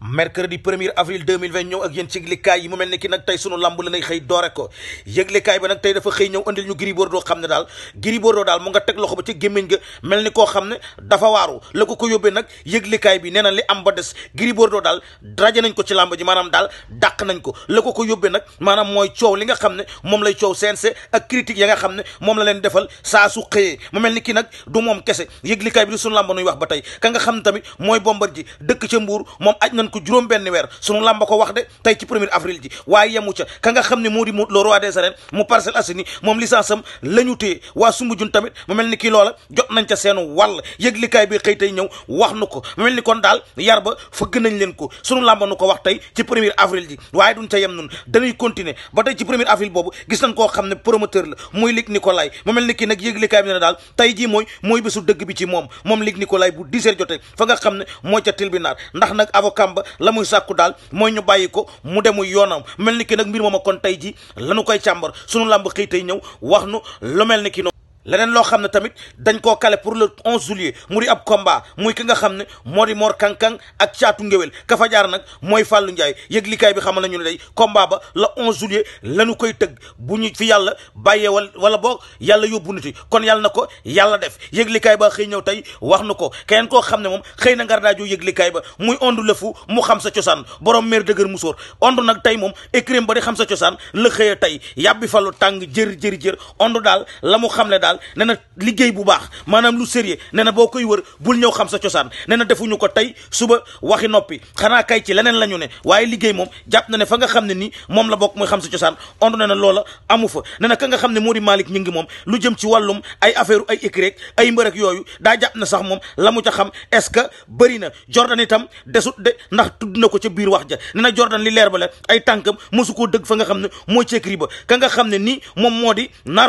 mercredi 1er avril 2020 ñëw ak yéen ci yëglikaay yi mu mel ni ki nag tey sunu lamb la nay xëy doore ko yëglikaay ba tey dafa xëy ñëw andil ñu Gris Bordeaux xam ne daal Gris Bordeaux daal mu nga teg loxo ba ci gémmiñ ga mel ni koo xam ne dafa waaru la ko ko yóbbee nag yëglikaay bi nee na li am ba des Gris Bordeaux daal raje nañ ko ci lamb ji maanaam daal dàq nañ ko la ko ko yóbbee nag maanaam mooy coow li nga xam ne moom lay coow CNG ak critique ya nga xam ne moom la leen defal saa su xëyee mu mel ni kii nag du moom kese yëglikaay bi di sunu lamb nuy wax ba tey ka nga xam ne tamit mooy bombar ji dëkk ca mbuur moom aj nañ nañ ko juróom benn weer sunu làmba ko wax de tey ci premier avril ji waaye yemu ca ka nga xam ne moo di mu le roi des arènes mu Parcelles Assainies moom licence am la ñu téye waa Soumbédioune tamit mu mel ni kii loola jot nañ ca seenu wàll yëglikaay bi xëy tey ñëw wax nu ko mu mel ni kon daal yar ba fëgg nañ leen ko sunu làmba nu ko wax tey ci premier avril ji waaye duñ ca yem nun dañuy continuer ba tey ci premier avril boobu gis nañ koo xam ne promoteur la muy Luc Nicolaï mu mel ni kii nag yëglikaay bi ne daal tey jii mooy mooy bésu dëgg bi ci moom moom Luc Nicolaï bu 10 heures jotee fa nga xam ne mooy ca tribunal ndax nag avocat ba la muy sàkku daal mooy ñu bàyyi ko mu demu yoonam mel ni ki nag mbir mooma kon tey ji lanu koy càmbar sunu làmb xëy ñëw wax nu lu mel ni ki noonu leneen loo xam ne tamit dañ koo kale pour le 11 juillet mu di ab komba muy ki nga xam ne moo di Mor Kankang ak caatu ngéwél ka fa jaar nag mooy Fallou Ndiaye yëglikaay bi xamal na ne day combat ba le 11 juillet lañu koy tëgg bu ñu fi yàlla bàyyee wala boo yàlla yóbbu nit yi kon yàlla na ko yàlla def yëglikaay ba xëy ñëw tey wax na ko keneen koo xam ne moom xëy na ngar daajoo ba muy ondu lëfu mu xam sa cosaan borom meer dëgër musóor ondu nag tey moom écrim ba di xam sa cosaan la xëy tey yàbbi fa lu tàng jër jër jër ondu daal la mu xam ne daal nee na liggéey bu baax maanaam lu sérieux nee na boo koy wër bul ñëw xam sa cosaan nee na defuñu ko tey suba waxi noppi xanaa kay ci leneen la ñu ne waaye liggéey moom jàpp na ne fa nga xam ne nii moom la bokk mooy xam sa cosaan ond nee na loola amu fa nee na ka nga xam ne moo di Malick ñu ngi moom lu jëm ci wàllum ay affaire ay écrits ay mbërëk yooyu daa jàpp na sax moom la mu ca xam est ce que bëri na Jordan itam desut de ndax tudd na ko ca biir wax ja nee na Jordan li leer ba la ay tànkam mosu koo dëgg fa nga xam ne moo ci écrit ka nga xam ne nii moom moo di na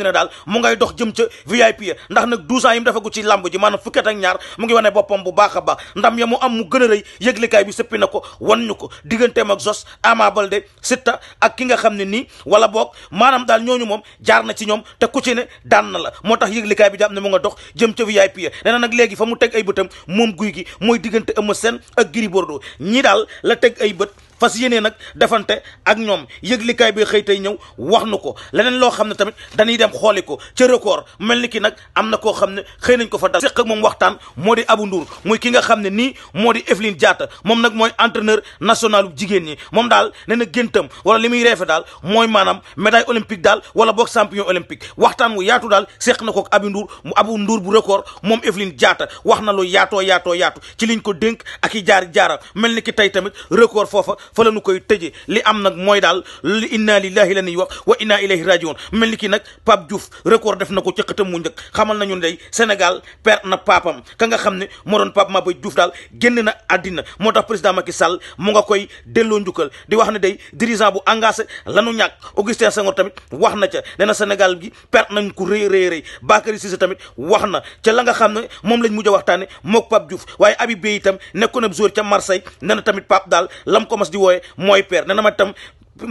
ni ne daal mu ngay dox jëm ca VIP ndax nag douze ans yi mu defagu ci làmb ji maanaam fukkat ak ñaar mu ngi wane boppam bu baax a baax ndam ya mu am mu gën a rëy bi sëppi na ko wan ñu ko digganteem ak Zos Ama Baldé Siteu ak ki nga xam ne nii wala boog maanaam daal ñooñu moom jaar na ci ñoom te ku ci ne daan na la moo tax yëglikaay bi jàpp ne mu nga dox jëm ca VIP ya nee na nag léegi fa mu teg ay bëtam moom guy gi mooy diggante Eumeu Sène ak Gris doo ñi daal la teg ay bët fas yéenee nag defante ak ñoom yëglikaay bi xëy tey ñëw wax nu ko leneen loo xam ne tamit dañuy dem xooli ko ca record mel ni ki nag am na koo xam ne xëy nañ ko fa dal séq moom waxtaan moo di Abou Ndour muy ki nga xam ne nii moo di Evelyne Diatta moom nag mooy entraîneur national bu jigéen ñi moom daal nee na géntam wala li muy reefe daal mooy maanaam médaille olympique daal wala book champion olympique waxtaan wu yaatu daal séq na ko ak Abou mu Abou bu record moom Evelyne Diatta wax na lu yaatoo yaatoo yaatu ci liñ ko dénk ak i jaar jaara mel ni ki tey tamit record foofa fa la nu koy tëjee li am nag mooy daal li inna lillahi la ñuy wax wa inna ilayhi rajiun mel ni kii nag Pape Diouf record def na ko ca xëtam mu njëkk xamal nañu ne day Sénégal perte na papam ka nga xam ne moo doon Pape Maba Diouf daal génn na àddina moo tax président Macky Sall mu nga koy delloo njukkal di wax ne day dirigeant bu engagé lanu ñàkk Augustin Senghor tamit wax na ca nee na Sénégal gi perte nañ ko rëy rëy rëy Bakary Cissé tamit wax na ca la nga xam ne moom lañ mujj a waxtaane mook Pape Diouf waaye Habib Beye itam nekkoon ab ca Marseille nee na tamit Pape daal lam ko di wooye mooy père nee na ma tam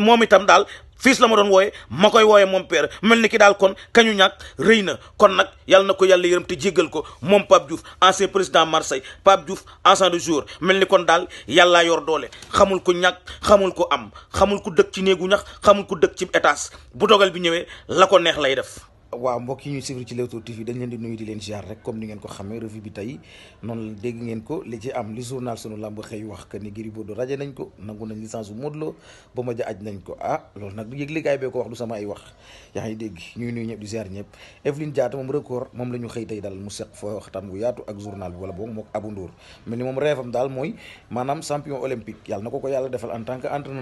moom itam daal fiis la ma doon wooye ma koy wooye moom père mel ni ki daal kon kañu ñàkk rëy na kon nag yàlla na ko yàlla yërëm te jéggal ko moom Pape Diouf ancien président Marseille Pape en ancien de jour mel ni kon daal yàllaa yor doole xamul ko ñàkk xamul ko am xamul ko dëkk ci néegu ñax xamul ko dëkk ci étage bu dogal bi ñëwee la ko neex lay def waaw mbokk yi ñuy suivre ci Leewtoo TV dañ leen di nuyu di leen ziar rek comme ni ngeen ko xamee revue bi tey noonu dégg ngeen ko li ci am li journal sunu làmb xëy wax que ni Gris raje nañ ko nangu nañ licence bu Modou Lo ba ma aj nañ ko ah loolu nag du yëglekaay bee ko wax du sama ay wax yaa dégg ñuy nuyu ñëpp di ziar ñëpp Evelyne Diatta moom record moom la xëy tey dalal mu seq fa waxtaan bu yaatu ak journal bi wala boog mook Abou Ndour na ko ko yàlla defal en tant que entraîneur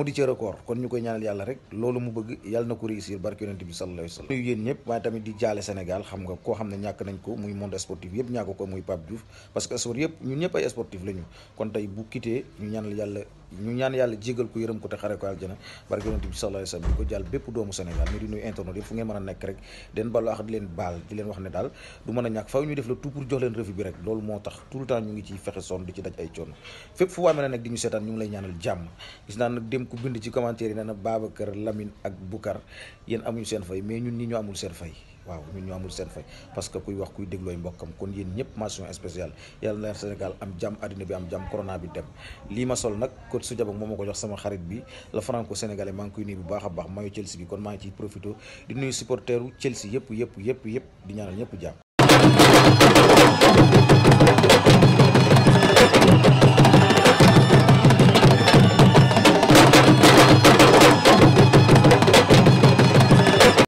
moo di cër koor kon ñu koy ñaanal yàlla rek loolu mu bëgg yàlla na ko réussir barke yonent bi sallallahu alayhi wa sallam yéen waaye tamit di jaale Sénégal xam nga koo xam ne ñàkk nañ ko muy monde sportif yëpp ñàkk ko muy Pape Diouf parce que sport yëpp ñun ñëpp ay sportif la kon tey bu quitté ñu ñaanal yàlla ñu ñaan yàlla jégal ko yërëm ko te xare ko aljana barke yonent bi sallallahu alayhi wasallam di ko jàll bépp doomu Sénégal mais di nuyu internet yëpp fu ngeen mën a nekk rek den balu ax di leen baal di leen wax ne daal du mën a ñàkk faaw ñuy def le tout pour jox leen revue bi rek loolu moo tax tout le temps ñu ngi ciy fexe sonn di ci daj ay coono fépp fu waay mën a nekk di ñu seetaan ñu ngi lay ñaanal jàmm gis naa nag dem ku bind ci commentaire yi nee seen fay mais ñun ñi ñu amul seen fay waaw ñun ñu amul seen fay parce que kuy wax kuy déglooy mbokkam kon yéen ñëpp mention spéciale yàlla na Sénégal am jàmm àddina bi am jàmm corona bi dem lii ma sol nag coach su jabang moo ma ko jox sama xarit bi la franco sénégalais maa ngi bu baax a baax mayu Chelsea bi kon maa ngi ciy profité di nuyu supporteru Chelsea yëpp yëpp yëpp yëpp di ñaanal ñëpp jàmm